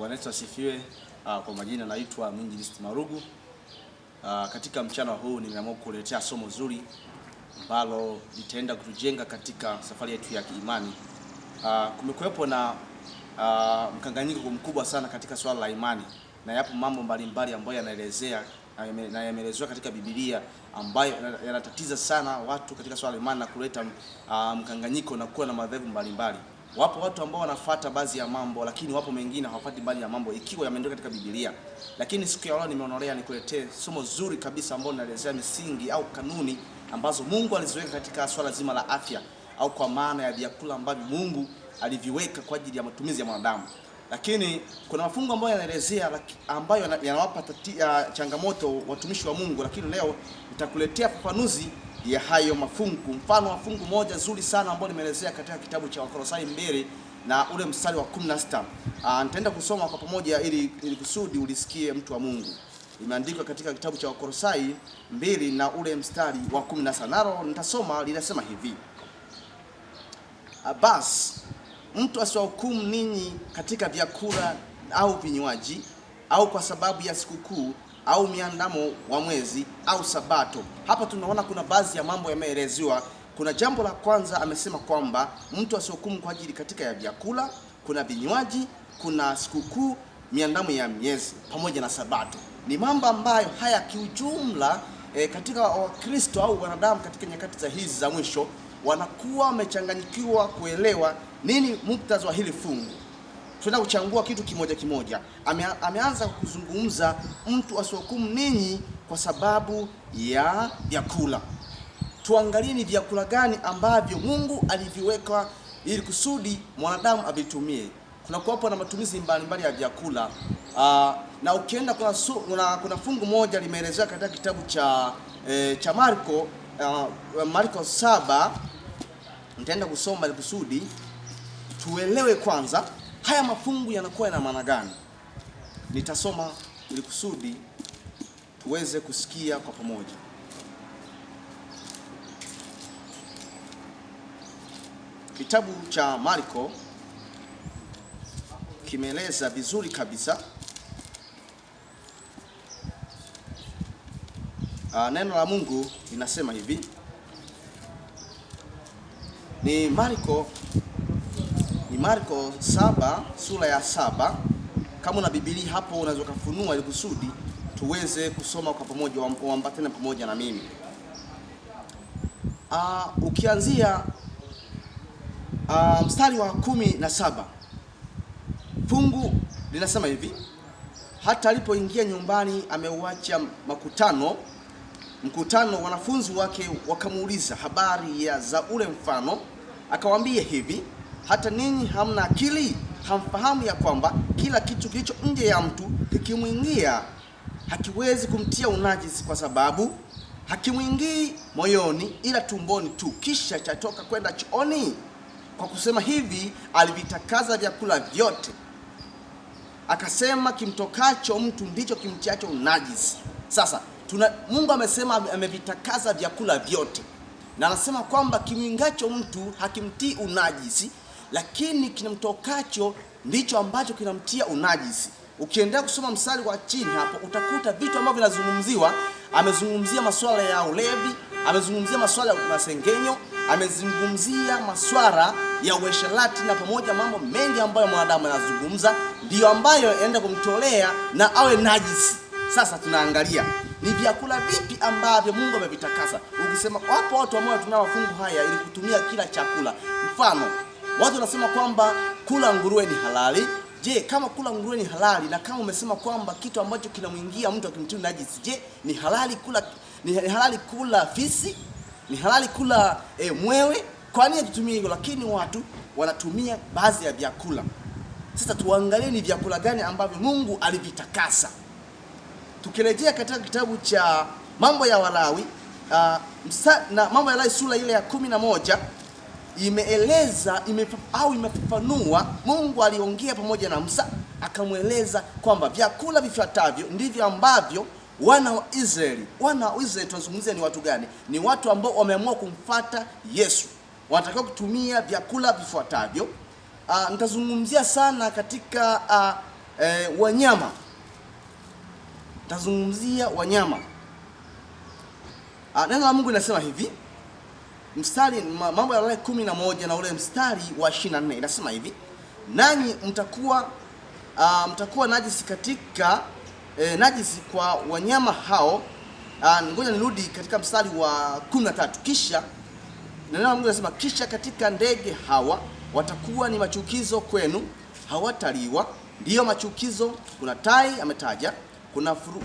Bwana Yesu asifiwe. Ah, kwa majina naitwa Mwinjilisti Marugu. Ah, katika mchana huu nimeamua kuletea somo zuri ambalo litaenda kutujenga katika safari yetu ya kiimani. Ah, kumekuwepo na mkanganyiko mkubwa sana katika swala la imani, na yapo mambo mbalimbali ambayo yanaelezea na yameelezewa katika Biblia ambayo yanatatiza sana watu katika swala la imani na kuleta mkanganyiko na kuwa na madhehebu mbalimbali. Wapo watu ambao wanafata baadhi ya mambo, lakini wapo mengine hawafuati baadhi ya mambo ikiwa yameandikwa katika Biblia. Lakini siku ya leo nimeonolea nikuletee somo zuri kabisa ambalo linaelezea misingi au kanuni ambazo Mungu aliziweka katika swala zima la afya, au kwa maana ya vyakula ambavyo Mungu aliviweka kwa ajili ya matumizi ya mwanadamu. Lakini kuna mafungu ambayo yanaelezea ambayo yanawapa changamoto watumishi wa Mungu, lakini leo nitakuletea fafanuzi ya hayo mafungu. Mfano wa fungu moja zuri sana ambayo nimeelezea katika kitabu cha Wakolosai mbili na ule mstari wa 16. Ah, nitaenda kusoma kwa pamoja ili, ili kusudi ulisikie mtu wa Mungu. Imeandikwa katika kitabu cha Wakolosai mbili na ule mstari wa 16. Nalo nitasoma linasema hivi. Abas, mtu asiwahukumu ninyi katika vyakula au vinywaji au kwa sababu ya sikukuu au miandamo wa mwezi au sabato. Hapa tunaona kuna baadhi ya mambo yameelezewa. Kuna jambo la kwanza amesema kwamba mtu asihukumu kwa ajili katika ya vyakula, kuna vinywaji, kuna sikukuu, miandamo ya miezi pamoja na sabato. Ni mambo ambayo haya kiujumla E, katika Wakristo au wanadamu katika nyakati za hizi za mwisho wanakuwa wamechanganyikiwa kuelewa nini muktadha wa hili fungu. Tuenda kuchangua kitu kimoja kimoja. Ame, ameanza kuzungumza mtu asihukumu ninyi kwa sababu ya vyakula. Tuangalie ni vyakula gani ambavyo Mungu aliviweka ili kusudi mwanadamu avitumie. Kuna kuwapo na matumizi mbalimbali ya vyakula uh, na ukienda kuna, su, kuna, kuna fungu moja limeelezewa katika kitabu cha, eh, cha Marko uh, Marko saba. Nitaenda kusoma ili kusudi tuelewe kwanza haya mafungu yanakuwa yana maana gani? Nitasoma ili kusudi tuweze kusikia kwa pamoja. Kitabu cha Marko kimeeleza vizuri kabisa A, ah, neno la Mungu linasema hivi, ni Marko Marko saba sura ya saba. Kama una Biblia hapo unaweza kufunua ili kusudi tuweze kusoma kwa pamoja, uambatane pamoja na mimi. Uh, ukianzia uh, mstari wa kumi na saba fungu linasema hivi: hata alipoingia nyumbani, ameuacha makutano mkutano, wanafunzi wake wakamuuliza habari ya za ule mfano, akawaambia hivi hata ninyi hamna akili? Hamfahamu ya kwamba kila kitu kilicho nje ya mtu kikimwingia hakiwezi kumtia unajisi, kwa sababu hakimwingii moyoni ila tumboni tu, kisha chatoka kwenda chooni. Kwa kusema hivi alivitakaza vyakula vyote, akasema kimtokacho mtu ndicho kimtiacho unajisi. Sasa tuna, Mungu amesema amevitakaza vyakula vyote, na anasema kwamba kimwingacho mtu hakimtii unajisi lakini kinamtokacho ndicho ambacho kinamtia unajisi. Ukiendelea kusoma mstari wa chini hapo utakuta vitu ambavyo vinazungumziwa. Amezungumzia masuala ya ulevi, amezungumzia masuala ya masengenyo, amezungumzia masuala ya uasherati na pamoja mambo mengi ambayo mwanadamu anazungumza, ndiyo ambayo anaenda kumtolea na awe najisi. Sasa tunaangalia ni vyakula vipi ambavyo Mungu amevitakasa. Ukisema wapo watu ambao tunao mafungu haya ili kutumia kila chakula, mfano Watu wanasema kwamba kula nguruwe ni halali. Je, kama kula nguruwe ni halali na kama umesema kwamba kitu ambacho kinamwingia mtu akimtibu najisi, je, ni halali kula ni halali kula fisi? Ni halali kula e, mwewe? Kwa nini tutumie hilo? Lakini watu wanatumia baadhi ya vyakula. Sasa tuangalie ni vyakula gani ambavyo Mungu alivitakasa. Tukirejea katika kitabu cha Mambo ya Walawi uh, msa, na Mambo ya Walawi sura ile ya kumi na moja imeeleza ime, au imefafanua. Mungu aliongea pamoja na Musa akamweleza kwamba vyakula vifuatavyo ndivyo ambavyo wana wa Israeli, wana wa Israeli tunazungumzia ni watu gani? Ni watu ambao wameamua kumfata Yesu, wanatakiwa kutumia vyakula vifuatavyo. Uh, nitazungumzia sana katika uh, e, wanyama nitazungumzia wanyama. Uh, neno la Mungu linasema hivi mstari Mambo ya Walawi kumi na moja na ule mstari wa 24 inasema hivi, nanyi mtakuwa uh, mtakuwa najisi katika eh, najisi kwa wanyama hao. Uh, ngoja nirudi katika mstari wa 13. Kisha neno la Mungu linasema, kisha katika ndege hawa watakuwa ni machukizo kwenu, hawataliwa. Ndiyo machukizo, kuna tai ametaja, kuna furu,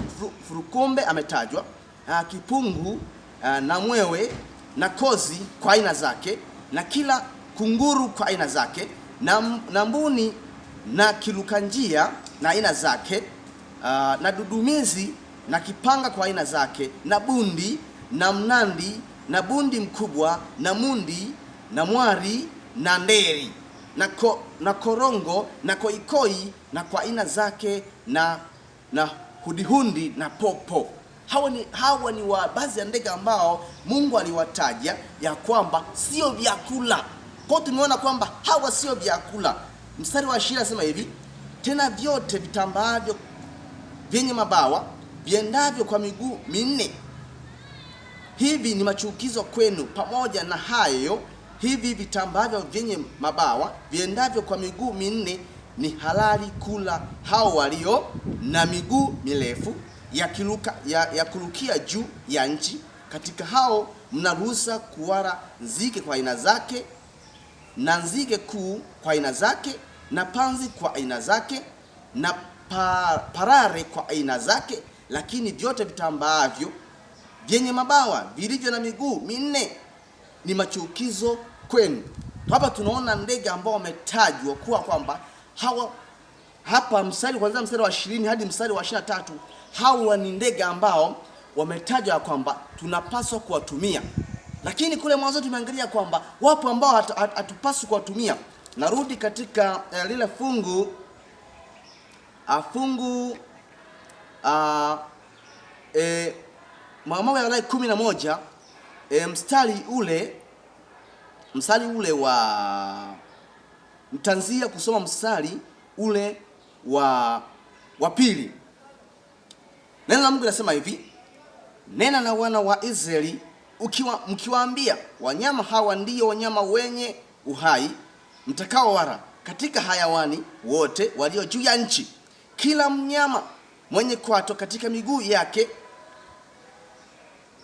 furu, ametajwa, uh, kipungu uh, na mwewe na kozi kwa aina zake na kila kunguru kwa aina zake na, na mbuni na kilukanjia na aina zake uh, na dudumizi na kipanga kwa aina zake na bundi na mnandi na bundi mkubwa na mundi na mwari na nderi na, ko, na korongo na koikoi na kwa aina zake na, na hudihundi na popo. Hawa ni, hawa ni wa baadhi ya ndege ambao Mungu aliwataja ya kwamba sio vyakula. Kwa tumeona kwamba hawa sio vyakula. Mstari wa ishirini anasema hivi, tena vyote vitambaavyo vyenye mabawa viendavyo kwa miguu minne hivi ni machukizo kwenu. Pamoja na hayo, hivi vitambavyo vyenye mabawa viendavyo kwa miguu minne ni halali kula hao walio na miguu mirefu yakiruka ya, ya kurukia juu ya nchi. Katika hao mna ruhusa nzike nzige kwa aina zake na nzige kuu kwa aina zake na panzi kwa aina zake na parare kwa aina zake, lakini vyote vitambaavyo vyenye mabawa vilivyo na miguu minne ni machukizo kwenu. Hapa tunaona ndege ambao wametajwa kuwa kwamba hawa hapa mstari kuanzia mstari wa 20 hadi mstari wa 23 hawa ni ndege ambao wametajwa kwamba tunapaswa kuwatumia, lakini kule mwanzo tumeangalia kwamba wapo ambao hatupaswi kuwatumia. Narudi katika eh, lile fungu afungu ah, uh, ah, eh, Mambo ya kumi na moja e, mstari ule mstari ule wa mtanzia kusoma mstari ule wa wa pili. Neno la Mungu linasema hivi, nena na wana wa Israeli ukiwa mkiwaambia, wanyama hawa ndiyo wanyama wenye uhai mtakao wala katika hayawani wote walio juu ya nchi, kila mnyama mwenye kwato katika miguu yake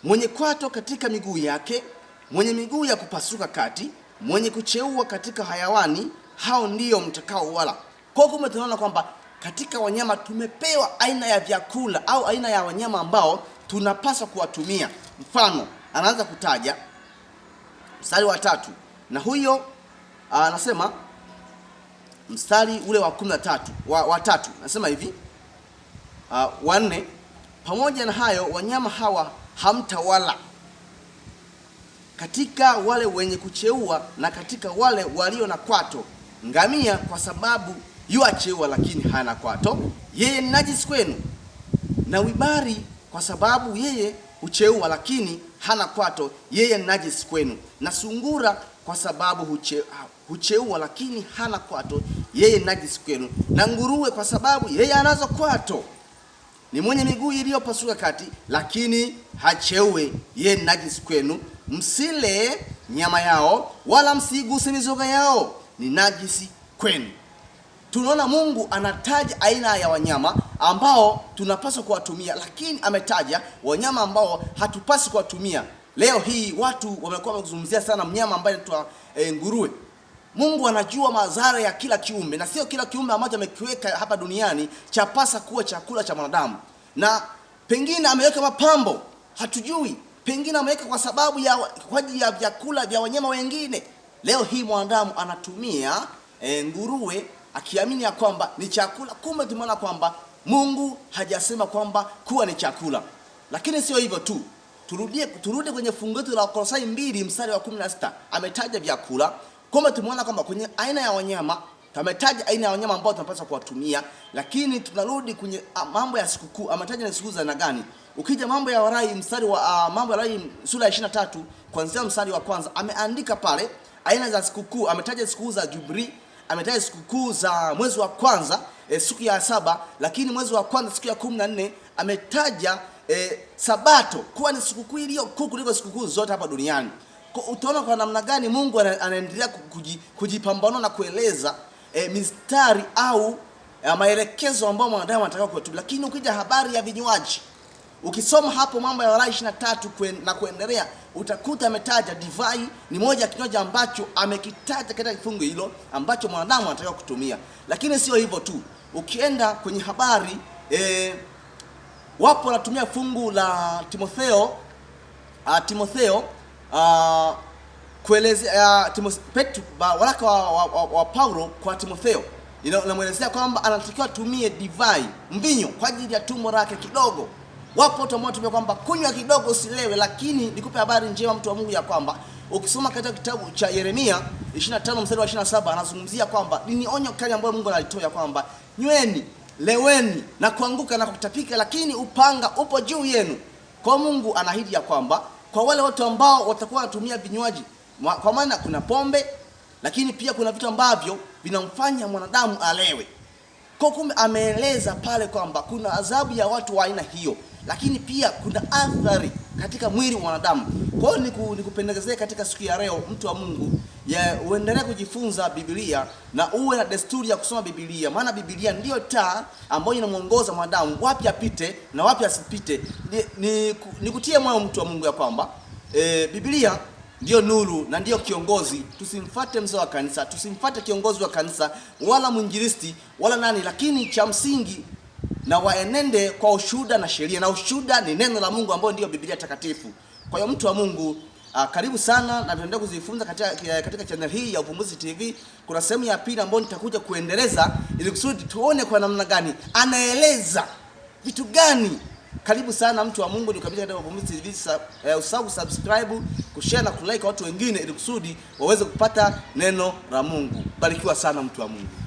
mwenye kwato katika miguu yake, mwenye miguu ya kupasuka kati, mwenye kucheua katika hayawani, hao ndiyo mtakao wala. Kwa hiyo tunaona kwamba katika wanyama tumepewa aina ya vyakula au aina ya wanyama ambao tunapaswa kuwatumia. Mfano, anaanza kutaja mstari wa tatu na huyo ah, anasema mstari ule wa kumi na tatu wa, wa tatu anasema hivi ah, wanne, pamoja na hayo wanyama hawa hamtawala katika wale wenye kucheua na katika wale walio na kwato ngamia, kwa sababu yu acheua, lakini hana kwato, yeye ni najisi kwenu. Na wibari kwa sababu yeye hucheua, lakini hana kwato, yeye ni najisi kwenu. Na sungura kwa sababu huche, hucheua, lakini hana kwato, yeye ni najisi kwenu. Na nguruwe kwa sababu yeye anazo kwato, ni mwenye miguu iliyopasuka kati, lakini hacheue, yeye ni najisi kwenu. Msile nyama yao, wala msiguse mizoga yao, ni najisi kwenu tunaona Mungu anataja aina ya wanyama ambao tunapaswa kuwatumia, lakini ametaja wanyama ambao hatupasi kuwatumia. Leo hii watu wamekuwa wakizungumzia sana mnyama ambaye anaitwa e, nguruwe. Mungu anajua madhara ya kila kiumbe, na sio kila kiumbe ambacho amekiweka hapa duniani chapasa kuwa chakula cha mwanadamu, na pengine ameweka mapambo, hatujui, pengine ameweka kwa sababu ya kwa ajili ya vyakula vya wanyama wengine. Leo hii mwanadamu anatumia e, nguruwe akiamini ya kwamba ni chakula. Kumbe tumeona kwamba Mungu hajasema kwamba kuwa ni chakula. Lakini sio hivyo tu, turudie turudi kwenye fungu letu la Wakolosai mbili mstari wa 16 ametaja vyakula. Kumbe tumeona kwamba kwenye aina ya wanyama ametaja aina ya wanyama ambao tunapaswa kuwatumia, lakini tunarudi kwenye ah, mambo ya sikukuu, ametaja ni sikukuu za aina gani. Ukija mambo ya Warai mstari wa uh, mambo ya Warai sura ya 23 kuanzia mstari wa kwanza ameandika pale aina za sikukuu, ametaja sikukuu za Jubili ametaja sikukuu za mwezi wa kwanza e, siku ya saba, lakini mwezi wa kwanza siku ya kumi na nne ametaja e, sabato kuwa ni sikukuu iliyo kuu kuliko sikukuu zote hapa duniani. Utaona kwa namna gani Mungu anaendelea kujipambanua na kueleza e, mistari au maelekezo ambayo mwanadamu anataka kuyatubu. Lakini ukija habari ya vinywaji Ukisoma hapo Mambo ya Walawi 23 na kuendelea, utakuta ametaja divai ni moja ya kinywaji ambacho amekitaja katika kifungu hilo ambacho mwanadamu anatakiwa kutumia. Lakini sio hivyo tu, ukienda kwenye habari e, wapo wanatumia fungu la Timotheo a, ah, Timotheo a, ah, kuelezea ah, waraka wa, wa, wa, wa Paulo kwa Timotheo inamwelezea kwamba anatakiwa atumie divai, mvinyo kwa ajili ya tumbo lake kidogo. Wapo watu ambao kwamba kunywa kidogo usilewe, lakini nikupe habari njema mtu wa Mungu ya kwamba ukisoma katika kitabu cha Yeremia 25 mstari wa 27 anazungumzia kwamba ni onyo kali ambayo Mungu analitoa kwamba nyweni, leweni na kuanguka na kutapika, lakini upanga upo juu yenu. Kwa Mungu anaahidi ya kwamba kwa wale watu ambao watakuwa wanatumia vinywaji, kwa maana kuna pombe, lakini pia kuna vitu ambavyo vinamfanya mwanadamu alewe. Kwa kumbe ameeleza pale kwamba kuna adhabu ya watu wa aina hiyo lakini pia kuna athari katika mwili wa mwanadamu. Kwa hiyo niku, nikupendekezee katika siku ya leo, mtu wa Mungu, uendelee kujifunza Biblia na uwe na desturi ya kusoma Biblia, maana Biblia ndiyo taa ambayo inamwongoza mwanadamu wapi apite na wapi asipite. Nikutie ni, ni moyo mtu wa Mungu ya kwamba e, Biblia ndiyo nuru na ndiyo kiongozi. Tusimfate mzee wa kanisa, tusimfate kiongozi wa kanisa wala mwinjilisti wala nani, lakini cha msingi na waenende kwa ushuhuda na sheria, na ushuhuda ni neno la Mungu ambayo ndiyo Biblia takatifu. Kwa hiyo mtu wa Mungu Uh, karibu sana na tunaendelea kuzifunza katika, eh, katika channel hii ya Uvumbuzi TV. Kuna sehemu ya pili ambayo nitakuja kuendeleza ili kusudi tuone kwa namna gani anaeleza vitu gani. Karibu sana mtu wa Mungu, nikukabidhi katika Uvumbuzi TV. Eh, usahau kushare na kulike watu wengine ili kusudi waweze kupata neno la Mungu. Barikiwa sana mtu wa Mungu.